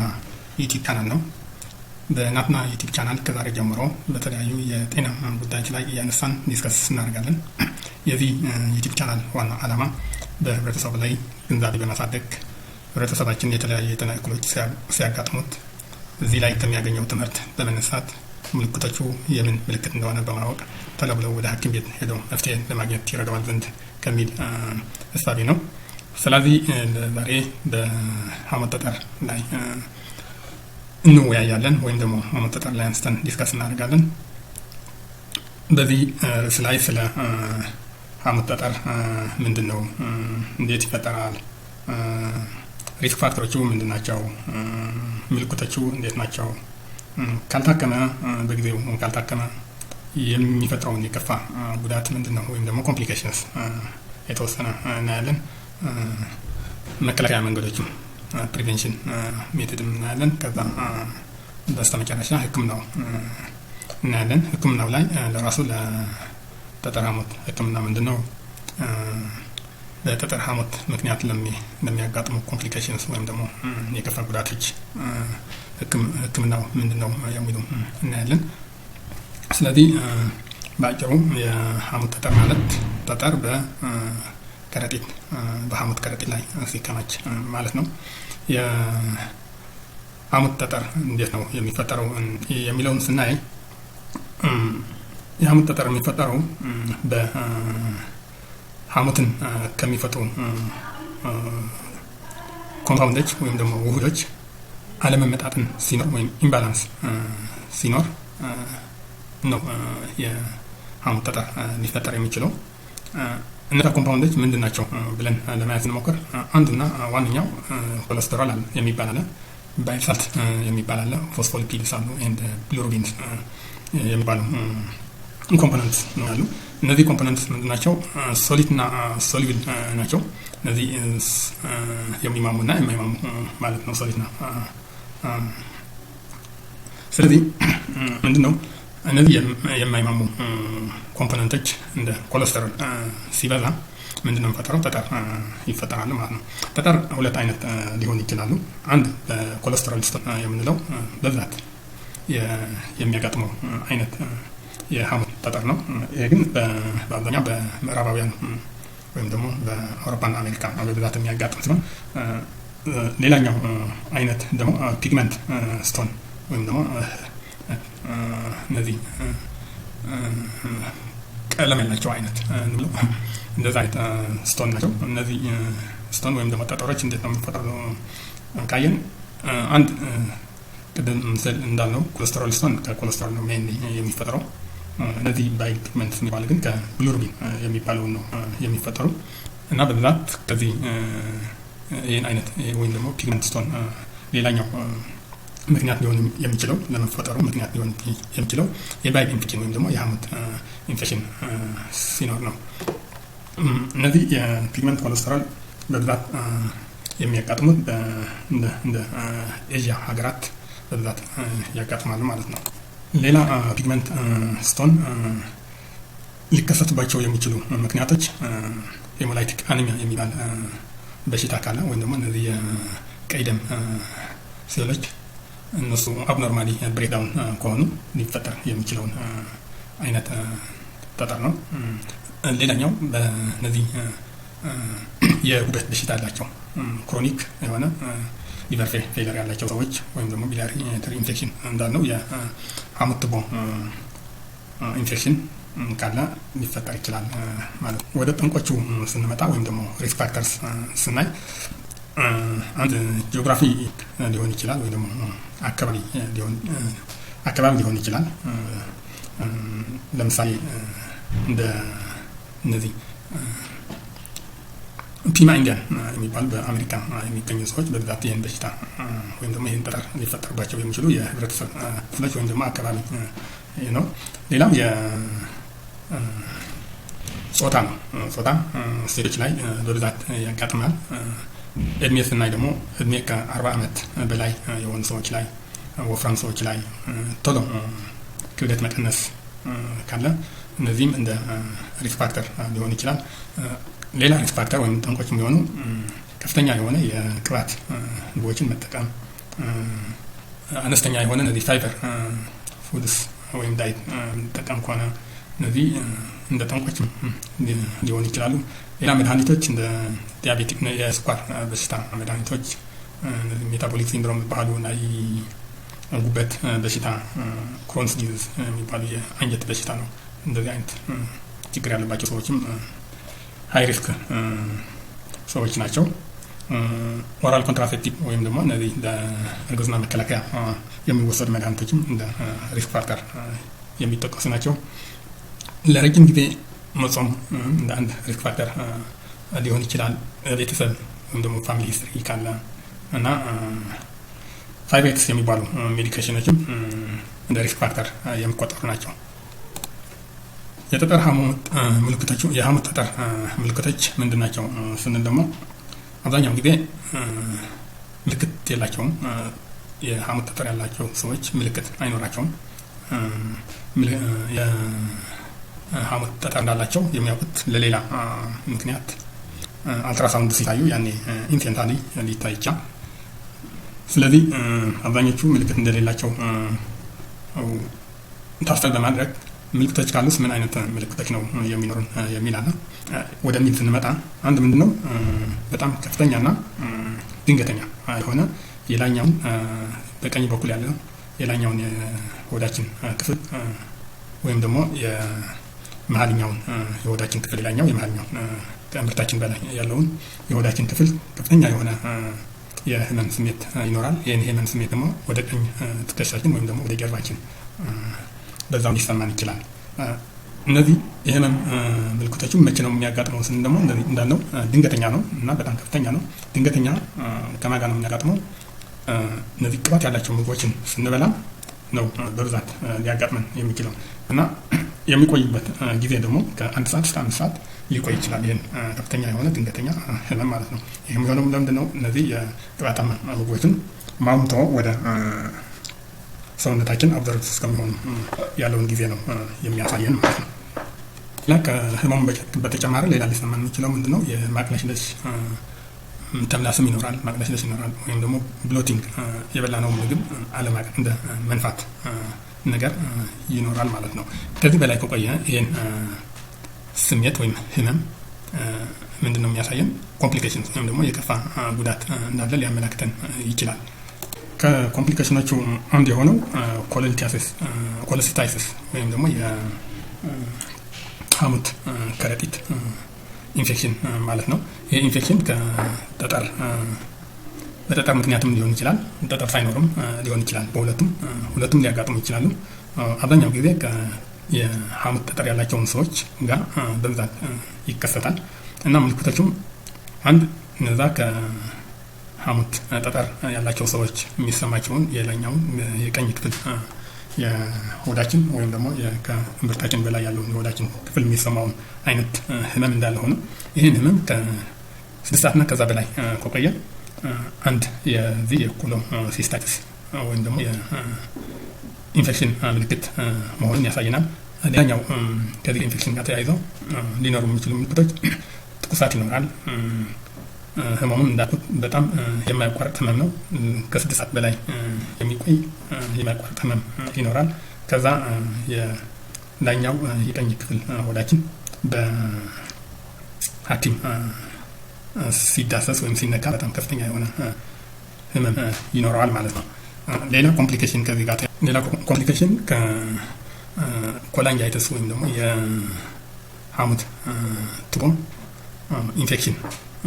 ናትና ዩቲብ ቻናል ነው። በናትና ዩቲብ ቻናል ከዛሬ ጀምሮ በተለያዩ የጤና ጉዳዮች ላይ እያነሳን ዲስከስ እናደርጋለን። የዚህ ዩቲብ ቻናል ዋና ዓላማ በህብረተሰቡ ላይ ግንዛቤ በማሳደግ ህብረተሰባችን የተለያዩ የጤና እክሎች ሲያጋጥሙት እዚህ ላይ ከሚያገኘው ትምህርት በመነሳት ምልክቶቹ የምን ምልክት እንደሆነ በማወቅ ተለብለው ወደ ሐኪም ቤት ሄደው መፍትሄ ለማግኘት ይረዳዋል ዘንድ ከሚል እሳቤ ነው። ስለዚህ ዛሬ በአመጣጠር ላይ እንወያያለን ወይም ደግሞ አመጣጠር ላይ አንስተን ዲስከስ እናደርጋለን። በዚህ ስላይ ስለ አመጣጠር ምንድን ነው፣ እንዴት ይፈጠራል፣ ሪስክ ፋክተሮቹ ምንድን ናቸው፣ ምልክቶቹ እንዴት ናቸው፣ ካልታከመ በጊዜው ካልታከመ የሚፈጥረውን የከፋ ጉዳት ምንድን ነው ወይም ደግሞ ኮምፕሊኬሽንስ የተወሰነ እናያለን። መከላከያ መንገዶችም ፕሪቬንሽን ሜቶድም እናያለን። ከዛ በስተ መጨረሻ ሕክምናው እናያለን። ህክምናው ላይ ለራሱ ለጠጠር ሐሞት ህክምና ምንድን ነው? በጠጠር ሐሞት ምክንያት ለሚያጋጥሙ ኮምፕሊኬሽንስ ወይም ደግሞ የከፋ ጉዳቶች ህክምናው ምንድን ነው የሚሉ እናያለን። ስለዚህ በአጭሩ የሐሞት ጠጠር ማለት ጠጠር በ ከረጢት በሐሙት ከረጢት ላይ ሲከማች ማለት ነው። የሐሙት ጠጠር እንዴት ነው የሚፈጠረው የሚለውን ስናይ የሐሙት ጠጠር የሚፈጠረው በሐሙትን ከሚፈጥሩ ኮምፓውንዶች ወይም ደግሞ ውህዶች አለመመጣጥን ሲኖር ወይም ኢምባላንስ ሲኖር ነው የሐሙት ጠጠር ሊፈጠር የሚችለው። እነዛ ኮምፓውንዶች ምንድን ናቸው ብለን ለማየት እንሞክር። አንዱና ዋነኛው ኮለስተሮል አለ የሚባል አለ፣ ባይልሳልት የሚባል አለ፣ ፎስፎሊፒድስ አሉ፣ ኤንድ ቢሊሩቢንስ የሚባሉ ኮምፖነንት ነው ያሉ። እነዚህ ኮምፖነንት ምንድን ናቸው? ሶሊድ እና ሶሊብል ናቸው። እነዚህ የሚማሙ የማይማሙ ማለት ነው ሶሊድ ስለዚህ ምንድን ነው እነዚህ የማይማሙ ኮምፖነንቶች እንደ ኮለስተሮል ሲበዛ ምንድነው የሚፈጠረው? ጠጠር ይፈጠራሉ ማለት ነው። ጠጠር ሁለት አይነት ሊሆን ይችላሉ። አንድ በኮለስተሮል የምንለው በብዛት የሚያጋጥመው አይነት የሐሞት ጠጠር ነው። ይሄ ግን በአብዛኛው በምዕራባውያን ወይም ደግሞ በአውሮፓና አሜሪካ በብዛት የሚያጋጥም ሲሆን ሌላኛው አይነት ደግሞ ፒግመንት ስቶን ወይም ደግሞ እነዚህ ቀለም ያላቸው አይነት እንደዛ አይነት ስቶን ናቸው። እነዚህ ስቶን ወይም ደግሞ ጠጠሮች እንዴት ነው የሚፈጠሩ ካየን አንድ ቅድም ምስል እንዳልነው ኮለስተሮል ስቶን ከኮለስተሮል ነው ሜን የሚፈጠረው። እነዚህ ባይ ፒግመንት የሚባል ግን ከብሉርቢን የሚባለውን ነው የሚፈጠሩ እና በብዛት ከዚህ ይህን አይነት ወይም ደግሞ ፒግመንት ስቶን ሌላኛው ምክንያት ሊሆን የሚችለው ለመፈጠሩ ምክንያት ሊሆን የሚችለው የቫይብ ኢንፌክሽን ወይም ደግሞ የሐሞት ኢንፌክሽን ሲኖር ነው። እነዚህ የፒግመንት ኮለስተራል በብዛት የሚያጋጥሙት እንደ ኤዥያ ሀገራት በብዛት ያጋጥማሉ ማለት ነው። ሌላ ፒግመንት ስቶን ሊከሰቱባቸው የሚችሉ ምክንያቶች ሄሞላይቲክ አኒሚያ የሚባል በሽታ ካለ ወይም ደግሞ እነዚህ የቀይ ደም ሴሎች እነሱ አብኖርማሊ ብሬክዳውን ከሆኑ ሊፈጠር የሚችለውን አይነት ጠጠር ነው። ሌላኛው በነዚህ የጉበት በሽታ አላቸው ክሮኒክ የሆነ ሊቨር ፌለር ያላቸው ሰዎች ወይም ደግሞ ቢሊያሪ ኢንፌክሽን እንዳልነው የአሙትቦ ኢንፌክሽን ካለ ሊፈጠር ይችላል ማለት ነው። ወደ ጠንቆቹ ስንመጣ ወይም ደግሞ ሪስክ ፋክተርስ ስናይ አንድ ጂኦግራፊ ሊሆን ይችላል ወይ ደግሞ አካባቢ ሊሆን አካባቢ ሊሆን ይችላል። ለምሳሌ እንደ እነዚህ ፒማ ኢንዲያን የሚባሉ በአሜሪካ የሚገኙ ሰዎች በብዛት ይህን በሽታ ወይም ደግሞ ይህን ጠጠር ሊፈጠርባቸው የሚችሉ የህብረተሰብ ክፍሎች ወይም ደግሞ አካባቢ ነው። ሌላው የጾታ ነው። ጾታ ሴቶች ላይ በብዛት ያጋጥማል። እድሜ ስናይ ደግሞ እድሜ ከአርባ ዓመት በላይ የሆኑ ሰዎች ላይ ወፍራም ሰዎች ላይ ቶሎ ክብደት መቀነስ ካለ እነዚህም እንደ ሪስክ ፋክተር ሊሆን ይችላል። ሌላ ሪስክ ፋክተር ወይም ጠንቆች የሚሆኑ ከፍተኛ የሆነ የቅባት ምግቦችን መጠቀም፣ አነስተኛ የሆነ እነዚህ ፋይበር ፉድስ ወይም ዳይት መጠቀም ከሆነ እነዚህ እንደ ጠንቆች ሊሆኑ ይችላሉ። ሌላ መድኃኒቶች እንደ የስኳር በሽታ መድኃኒቶች ሜታቦሊክ ሲንድሮም የሚባሉ ናይ ጉበት በሽታ ክሮንስ ዲዝ የሚባሉ የአንጀት በሽታ ነው። እንደዚህ አይነት ችግር ያለባቸው ሰዎችም ሀይ ሪስክ ሰዎች ናቸው። ኦራል ኮንትራሴፕቲቭ ወይም ደግሞ እነዚህ እርግዝና መከላከያ የሚወሰዱ መድኃኒቶችም እንደ ሪስክ ፋክተር የሚጠቀሱ ናቸው። ለረጅም ጊዜ መጾም እንደ አንድ ሪስክ ፋክተር ሊሆን ይችላል። ቤተሰብ ወይም ደግሞ ፋሚሊ ሂስትሪ ካለ እና ሳይቤትስ የሚባሉ ሜዲኬሽኖችም እንደ ሪስክ ፋክተር የሚቆጠሩ ናቸው። የጠጠር ምልክቶች የሀሙት ጠጠር ምልክቶች ምንድን ናቸው ስንል ደግሞ አብዛኛውን ጊዜ ምልክት የላቸውም። የሀሙት ጠጠር ያላቸው ሰዎች ምልክት አይኖራቸውም። የሐሞት ጠጠር እንዳላቸው የሚያውቁት ለሌላ ምክንያት አልትራሳውንድ ሲታዩ ያኔ ኢንቴንታሊ ሊታይ ይቻል። ስለዚህ አብዛኞቹ ምልክት እንደሌላቸው ታስተር በማድረግ ምልክቶች ካሉስ ምን አይነት ምልክቶች ነው የሚኖሩን የሚል አለ። ወደሚል ስንመጣ አንድ ምንድን ነው በጣም ከፍተኛና ድንገተኛ የሆነ የላኛውን በቀኝ በኩል ያለ የላኛውን የሆዳችን ክፍል ወይም ደግሞ የመሀልኛውን የሆዳችን ክፍል የላኛው የመሀልኛውን ከምርታችን በላይ ያለውን የሆዳችን ክፍል ከፍተኛ የሆነ የህመም ስሜት ይኖራል። ይህን የህመም ስሜት ደግሞ ወደ ቀኝ ትከሻችን ወይም ደግሞ ወደ ጀርባችን በዛው ሊሰማን ይችላል። እነዚህ የህመም ምልክቶችም መቼ ነው የሚያጋጥመው ስን ደግሞ እንዳለው ድንገተኛ ነው እና በጣም ከፍተኛ ነው። ድንገተኛ ከማጋ ነው የሚያጋጥመው እነዚህ ቅባት ያላቸው ምግቦችን ስንበላ ነው በብዛት ሊያጋጥመን የሚችለው እና የሚቆይበት ጊዜ ደግሞ ከአንድ ሰዓት እስከ አምስት ሰዓት ሊቆይ ይችላል። ይህን ከፍተኛ የሆነ ድንገተኛ ህመም ማለት ነው። ይህ የሆነው ለምንድን ነው? እነዚህ የቅባታማ ምግቦችን ማምቶ ወደ ሰውነታችን አብዘርቭ እስከሚሆኑ ያለውን ጊዜ ነው የሚያሳየን ማለት ነው። ላ ከህመሙ በተጨማሪ ሌላ ሊሰማን የሚችለው ምንድን ነው? የማቅለሽለሽ ተምላስም ይኖራል፣ ማቅለሽለሽ ይኖራል። ወይም ደግሞ ብሎቲንግ፣ የበላነው ምግብ አለማቅ እንደ መንፋት ነገር ይኖራል ማለት ነው። ከዚህ በላይ ከቆየ ይህን ስሜት ወይም ህመም ምንድን ነው የሚያሳየን? ኮምፕሊኬሽን ወይም ደግሞ የከፋ ጉዳት እንዳለ ሊያመላክተን ይችላል። ከኮምፕሊኬሽኖቹ አንዱ የሆነው ኮለስታይሲስ ወይም ደግሞ የሐሞት ከረጢት ኢንፌክሽን ማለት ነው። ይህ ኢንፌክሽን ከጠጠር በጠጠር ምክንያትም ሊሆን ይችላል፣ ጠጠር ሳይኖርም ሊሆን ይችላል። በሁለቱም ሁለቱም ሊያጋጥሙ ይችላሉ። አብዛኛው ጊዜ የሀሙት ጠጠር ያላቸውን ሰዎች ጋር በብዛት ይከሰታል እና ምልክቶቹም አንድ እነዛ ከሀሙት ጠጠር ያላቸው ሰዎች የሚሰማቸውን የላይኛውን የቀኝ ክፍል የሆዳችን ወይም ደግሞ ከእምብርታችን በላይ ያለውን የሆዳችን ክፍል የሚሰማውን አይነት ህመም እንዳለ ሆነ ይህን ህመም ከስድስት ሰዓትና ከዛ በላይ ከቆየ አንድ የዚህ የኮሎሲስታይተስ ወይም ደግሞ ኢንፌክሽን ምልክት መሆኑን ያሳየናል። ሌላኛው ከዚህ ኢንፌክሽን ጋር ተያይዘው ሊኖሩ የሚችሉ ምልክቶች ትኩሳት ይኖራል። ህመሙም እንዳልኩት በጣም የማያቋርጥ ህመም ነው። ከስድስት ሰዓት በላይ የሚቆይ የማያቋርጥ ህመም ይኖራል። ከዛ የላይኛው የቀኝ ክፍል ወዳችን በሐኪም ሲዳሰስ ወይም ሲነካ በጣም ከፍተኛ የሆነ ህመም ይኖረዋል ማለት ነው። ሌላ ኮምፕሊኬሽን ከዚህ ጋር ሌላ ኮምፕሊኬሽን ከኮላንጃይተስ ወይም ደግሞ የሐሞት ትቦ ኢንፌክሽን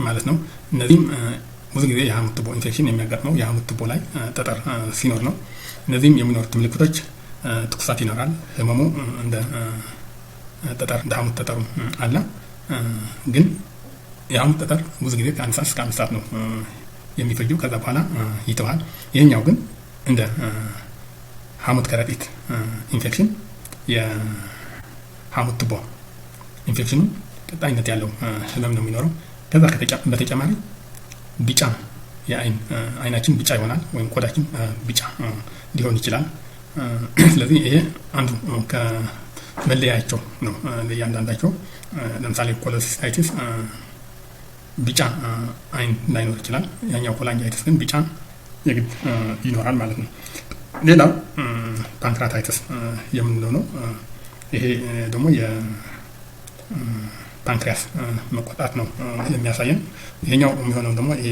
ማለት ነው። እነዚህም ብዙ ጊዜ የሐሞት ትቦ ኢንፌክሽን የሚያጋጥመው የሐሞት ትቦ ላይ ጠጠር ሲኖር ነው። እነዚህም የሚኖሩት ምልክቶች ትኩሳት ይኖራል። ህመሙ እንደ ጠጠር እንደ ሐሞት ጠጠሩ አለ። ግን የሐሞት ጠጠር ብዙ ጊዜ ከአንድ ሰዓት እስከ አምስት ሰዓት ነው የሚፈጀው። ከዛ በኋላ ይተዋል። ይህኛው ግን እንደ ሐሞት ከረጢት ኢንፌክሽን፣ የሐሞት ትቦ ኢንፌክሽኑ ቀጣይነት ያለው ህመም ነው የሚኖረው። ከዛ በተጨማሪ ቢጫ የአይን አይናችን ቢጫ ይሆናል ወይም ቆዳችን ቢጫ ሊሆን ይችላል። ስለዚህ ይሄ አንዱ ከመለያቸው ነው። ለእያንዳንዳቸው ለምሳሌ ኮሎሲስታይቲስ ቢጫ አይን ላይኖር ይችላል። ያኛው ኮላንጃይቲስ ግን ቢጫ የግድ ይኖራል ማለት ነው። ሌላው ፓንክራታይተስ የምንለው ነው። ይሄ ደግሞ የፓንክሪያስ መቆጣት ነው የሚያሳየን። ይሄኛው የሚሆነው ደግሞ ይሄ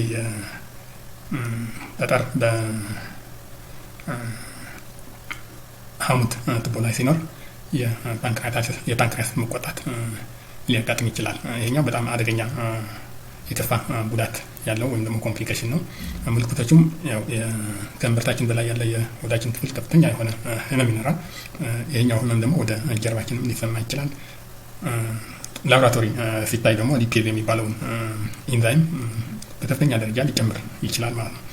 ጠጠር በሀሙት ትቦ ላይ ሲኖር የፓንክሪያስ መቆጣት ሊያጋጥም ይችላል። ይሄኛው በጣም አደገኛ የከፋ ጉዳት ያለው ወይም ደግሞ ኮምፕሊኬሽን ነው። ምልክቶቹም ከእምብርታችን በላይ ያለ የሆዳችን ክፍል ከፍተኛ የሆነ ህመም ይኖራል። ይህኛው ህመም ደግሞ ወደ ጀርባችንም ሊሰማ ይችላል። ላብራቶሪ ሲታይ ደግሞ ሊፔዝ የሚባለውን ኢንዛይም በከፍተኛ ደረጃ ሊጨምር ይችላል ማለት ነው።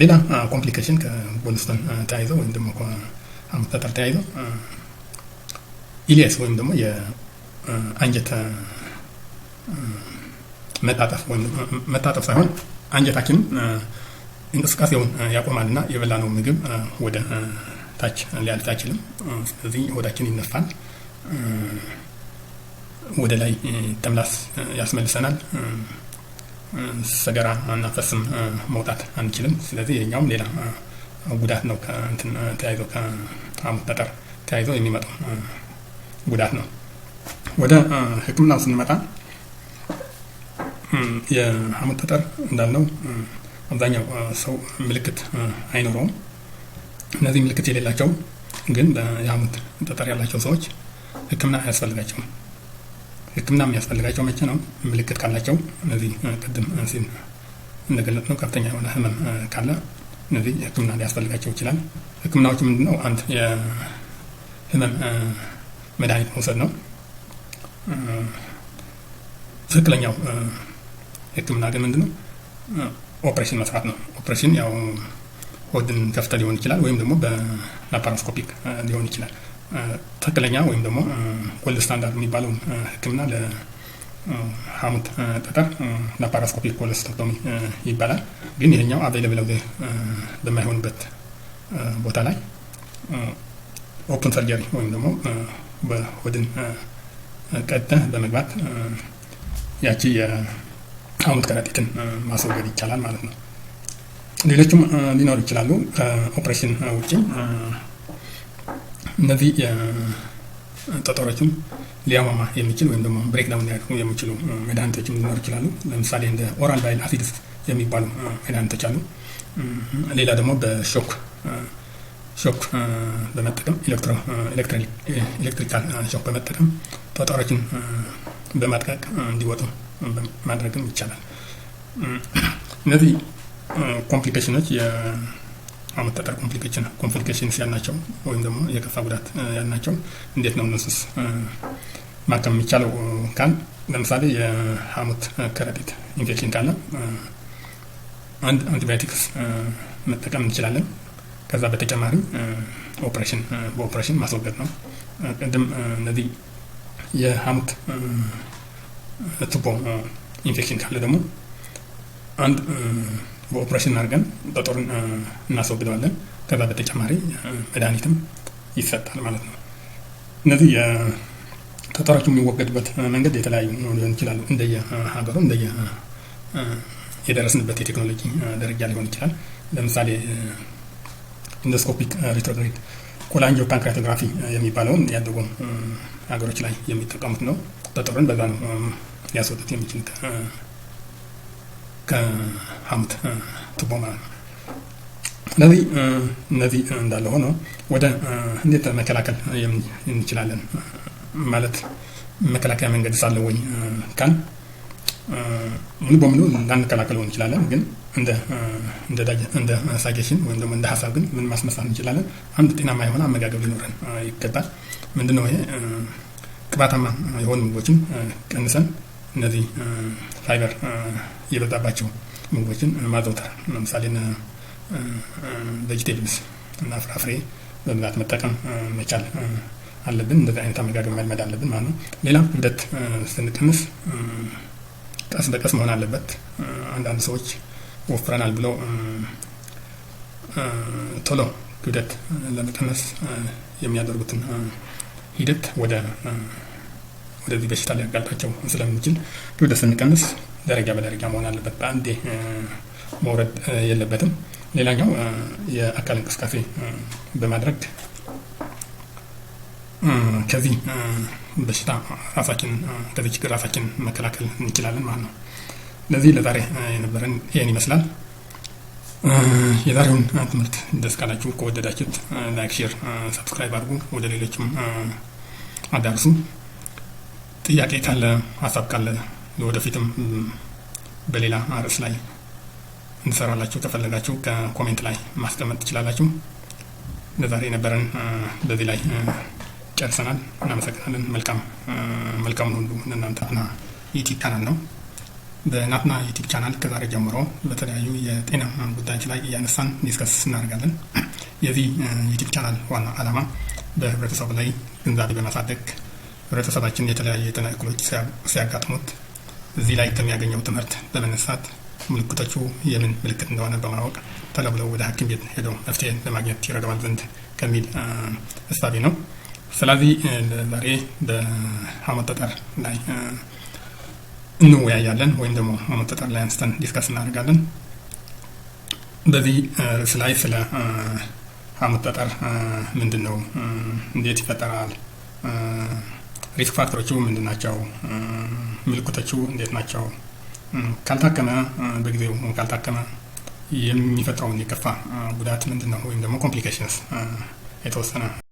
ሌላ ኮምፕሊኬሽን ከጎንስተን ተያይዘው ወይም ደግሞ ከሐሞት ተያይዘው ኢሊየስ ወይም ደግሞ የአንጀት መጣጠፍ ሳይሆን አንጀታችን እንቅስቃሴውን ያቆማልና የበላነው ምግብ ወደ ታች ሊያልፍ አይችልም። ስለዚህ ሆዳችን ይነፋል፣ ወደ ላይ ተምላስ ያስመልሰናል። ሰገራ እና ፈስም መውጣት አንችልም። ስለዚህ የኛውም ሌላ ጉዳት ነው። ከእንትን ተያይዞ ከሐሞት ጠጠር ተያይዞ የሚመጣው ጉዳት ነው። ወደ ሕክምናው ስንመጣ የአመት ጠጠር እንዳልነው አብዛኛው ሰው ምልክት አይኖረውም። እነዚህ ምልክት የሌላቸው ግን የአመት ጠጠር ያላቸው ሰዎች ሕክምና አያስፈልጋቸውም። ሕክምና የሚያስፈልጋቸው መቼ ነው? ምልክት ካላቸው እነዚህ ቅድም ሲል እንደገለጽ ነው ከፍተኛ የሆነ ህመም ካለ እነዚህ ሕክምና ሊያስፈልጋቸው ይችላል። ሕክምናዎቹ ምንድነው ነው? አንድ የህመም መድኃኒት መውሰድ ነው። ትክክለኛው ህክምና ግን ምንድነው ኦፕሬሽን መስራት ነው። ኦፕሬሽን ያው ሆድን ከፍተ ሊሆን ይችላል፣ ወይም ደግሞ በላፓሮስኮፒክ ሊሆን ይችላል። ትክክለኛ ወይም ደግሞ ጎልድ ስታንዳርድ የሚባለውን ህክምና ለሐሞት ጠጠር ላፓሮስኮፒክ ኮሎስቶሚ ይባላል። ግን ይሄኛው አቬለብል በማይሆንበት ቦታ ላይ ኦፕን ሰርጀሪ ወይም ደግሞ በሆድን ቀጥታ በመግባት ያቺ አሁን ከረጢትን ማስወገድ ይቻላል ማለት ነው። ሌሎችም ሊኖሩ ይችላሉ ከኦፕሬሽን ውጭ እነዚህ ጠጠሮችም ሊያማማ የሚችል ወይም ደግሞ ብሬክዳውን ሊያደርጉ የሚችሉ መድኃኒቶችም ሊኖሩ ይችላሉ። ለምሳሌ እንደ ኦራል ባይል አሲድስ የሚባሉ መድኃኒቶች አሉ። ሌላ ደግሞ በሾክ ሾክ በመጠቀም ኤሌክትሪካል ሾክ በመጠቀም ጠጠሮችን በማጥቃቅ እንዲወጡ ማድረግም ይቻላል። እነዚህ ኮምፕሊኬሽኖች የአመት ጠጠር ኮምፕሊኬሽን ኮምፕሊኬሽንስ ያልናቸው ወይም ደግሞ የከፋ ጉዳት ያልናቸው እንዴት ነው እነሱስ ማከም የሚቻለው ካል ለምሳሌ የሀሙት ከረጢት ኢንፌክሽን ካለ አንድ አንቲባዮቲክስ መጠቀም እንችላለን። ከዛ በተጨማሪ ኦፕሬሽን በኦፕሬሽን ማስወገድ ነው። ቅድም እነዚህ የሀሙት ቱቦ ኢንፌክሽን ካለ ደግሞ አንድ በኦፕሬሽን አድርገን በጦር እናስወግደዋለን። ከዛ በተጨማሪ መድኃኒትም ይሰጣል ማለት ነው። እነዚህ ጠጠሮች የሚወገድበት መንገድ የተለያዩ ሊሆን ይችላሉ። እንደየ ሀገሩ እንደየ የደረስንበት የቴክኖሎጂ ደረጃ ሊሆን ይችላል። ለምሳሌ ኢንዶስኮፒክ ሪትሮግሬድ ኮላንጆ ፓንክራቶግራፊ የሚባለውን ያደጉ ሀገሮች ላይ የሚጠቀሙት ነው። በጥሩን በጋ ነው ሊያስወጡት የሚችል ከሀሙት ቱቦ ማለት ነው። ስለዚህ እነዚህ እንዳለ ሆኖ ወደ እንዴት መከላከል እንችላለን ማለት መከላከያ መንገድ ሳለ ወይ ካል ሙሉ በሙሉ ላንከላከለው እንችላለን። ግን እንደ ሳጌሽን ወይም ደግሞ እንደ ሀሳብ ግን ምን ማስመሳት እንችላለን? አንድ ጤናማ የሆነ አመጋገብ ሊኖረን ይገባል። ምንድነው ይሄ? ቅባታማ የሆኑ ምግቦችን ቀንሰን እነዚህ ፋይበር የበዛባቸው ምግቦችን ማዘውተር ለምሳሌ ቬጅቴብልስ እና ፍራፍሬ በብዛት መጠቀም መቻል አለብን። እንደዚህ አይነት አመጋገብ መልመድ አለብን ማለት ነው። ሌላ ክብደት ስንቀንስ ቀስ በቀስ መሆን አለበት። አንዳንድ ሰዎች ወፍረናል ብለው ቶሎ ክብደት ለመቀነስ የሚያደርጉትን ሂደት ወደዚህ በሽታ ሊያጋልጣቸው ስለምንችል ክብደት ስንቀንስ ደረጃ በደረጃ መሆን አለበት። በአንዴ መውረድ የለበትም። ሌላኛው የአካል እንቅስቃሴ በማድረግ ከዚህ በሽታ ራሳችን ከዚህ ችግር ራሳችን መከላከል እንችላለን ማለት ነው። ለዚህ ለዛሬ የነበረን ይህን ይመስላል። የዛሬውን ትምህርት ደስ ካላችሁ ከወደዳችሁት ላይክ፣ ሼር፣ ሰብስክራይብ አድርጉ። ወደ ሌሎችም አዳርሱ። ጥያቄ ካለ ሀሳብ ካለ ወደፊትም በሌላ ርዕስ ላይ እንሰራላችሁ ከፈለጋችሁ ከኮሜንት ላይ ማስቀመጥ ትችላላችሁ። ለዛሬ የነበረን በዚህ ላይ ጨርሰናል። እናመሰግናለን። መልካም መልካሙን ሁሉ ለእናንተ ና ዩቲዩብ ነው። በናትና ዩቲብ ቻናል ከዛሬ ጀምሮ በተለያዩ የጤና ጉዳዮች ላይ እያነሳን ዲስከስ እናደርጋለን። የዚህ ዩቲብ ቻናል ዋና ዓላማ በህብረተሰቡ ላይ ግንዛቤ በማሳደግ ህብረተሰባችን የተለያዩ የጤና እክሎች ሲያጋጥሙት እዚህ ላይ ከሚያገኘው ትምህርት በመነሳት ምልክቶቹ የምን ምልክት እንደሆነ በማወቅ ተለብለው ወደ ሐኪም ቤት ሄደው መፍትሄ ለማግኘት ይረዳዋል ዘንድ ከሚል እሳቤ ነው። ስለዚህ ዛሬ በሀሞት ጠጠር ላይ እንወያያለን ወይም ደግሞ አመጣጠር ላይ አንስተን ዲስከስ እናደርጋለን። በዚህ ርስ ላይ ስለ አመጣጠር ምንድን ነው፣ እንዴት ይፈጠራል፣ ሪስክ ፋክተሮቹ ምንድን ናቸው፣ ምልክቶቹ እንዴት ናቸው፣ ካልታከመ በጊዜው ካልታከመ የሚፈጥረውን የከፋ ጉዳት ምንድን ነው ወይም ደግሞ ኮምፕሊኬሽንስ የተወሰነ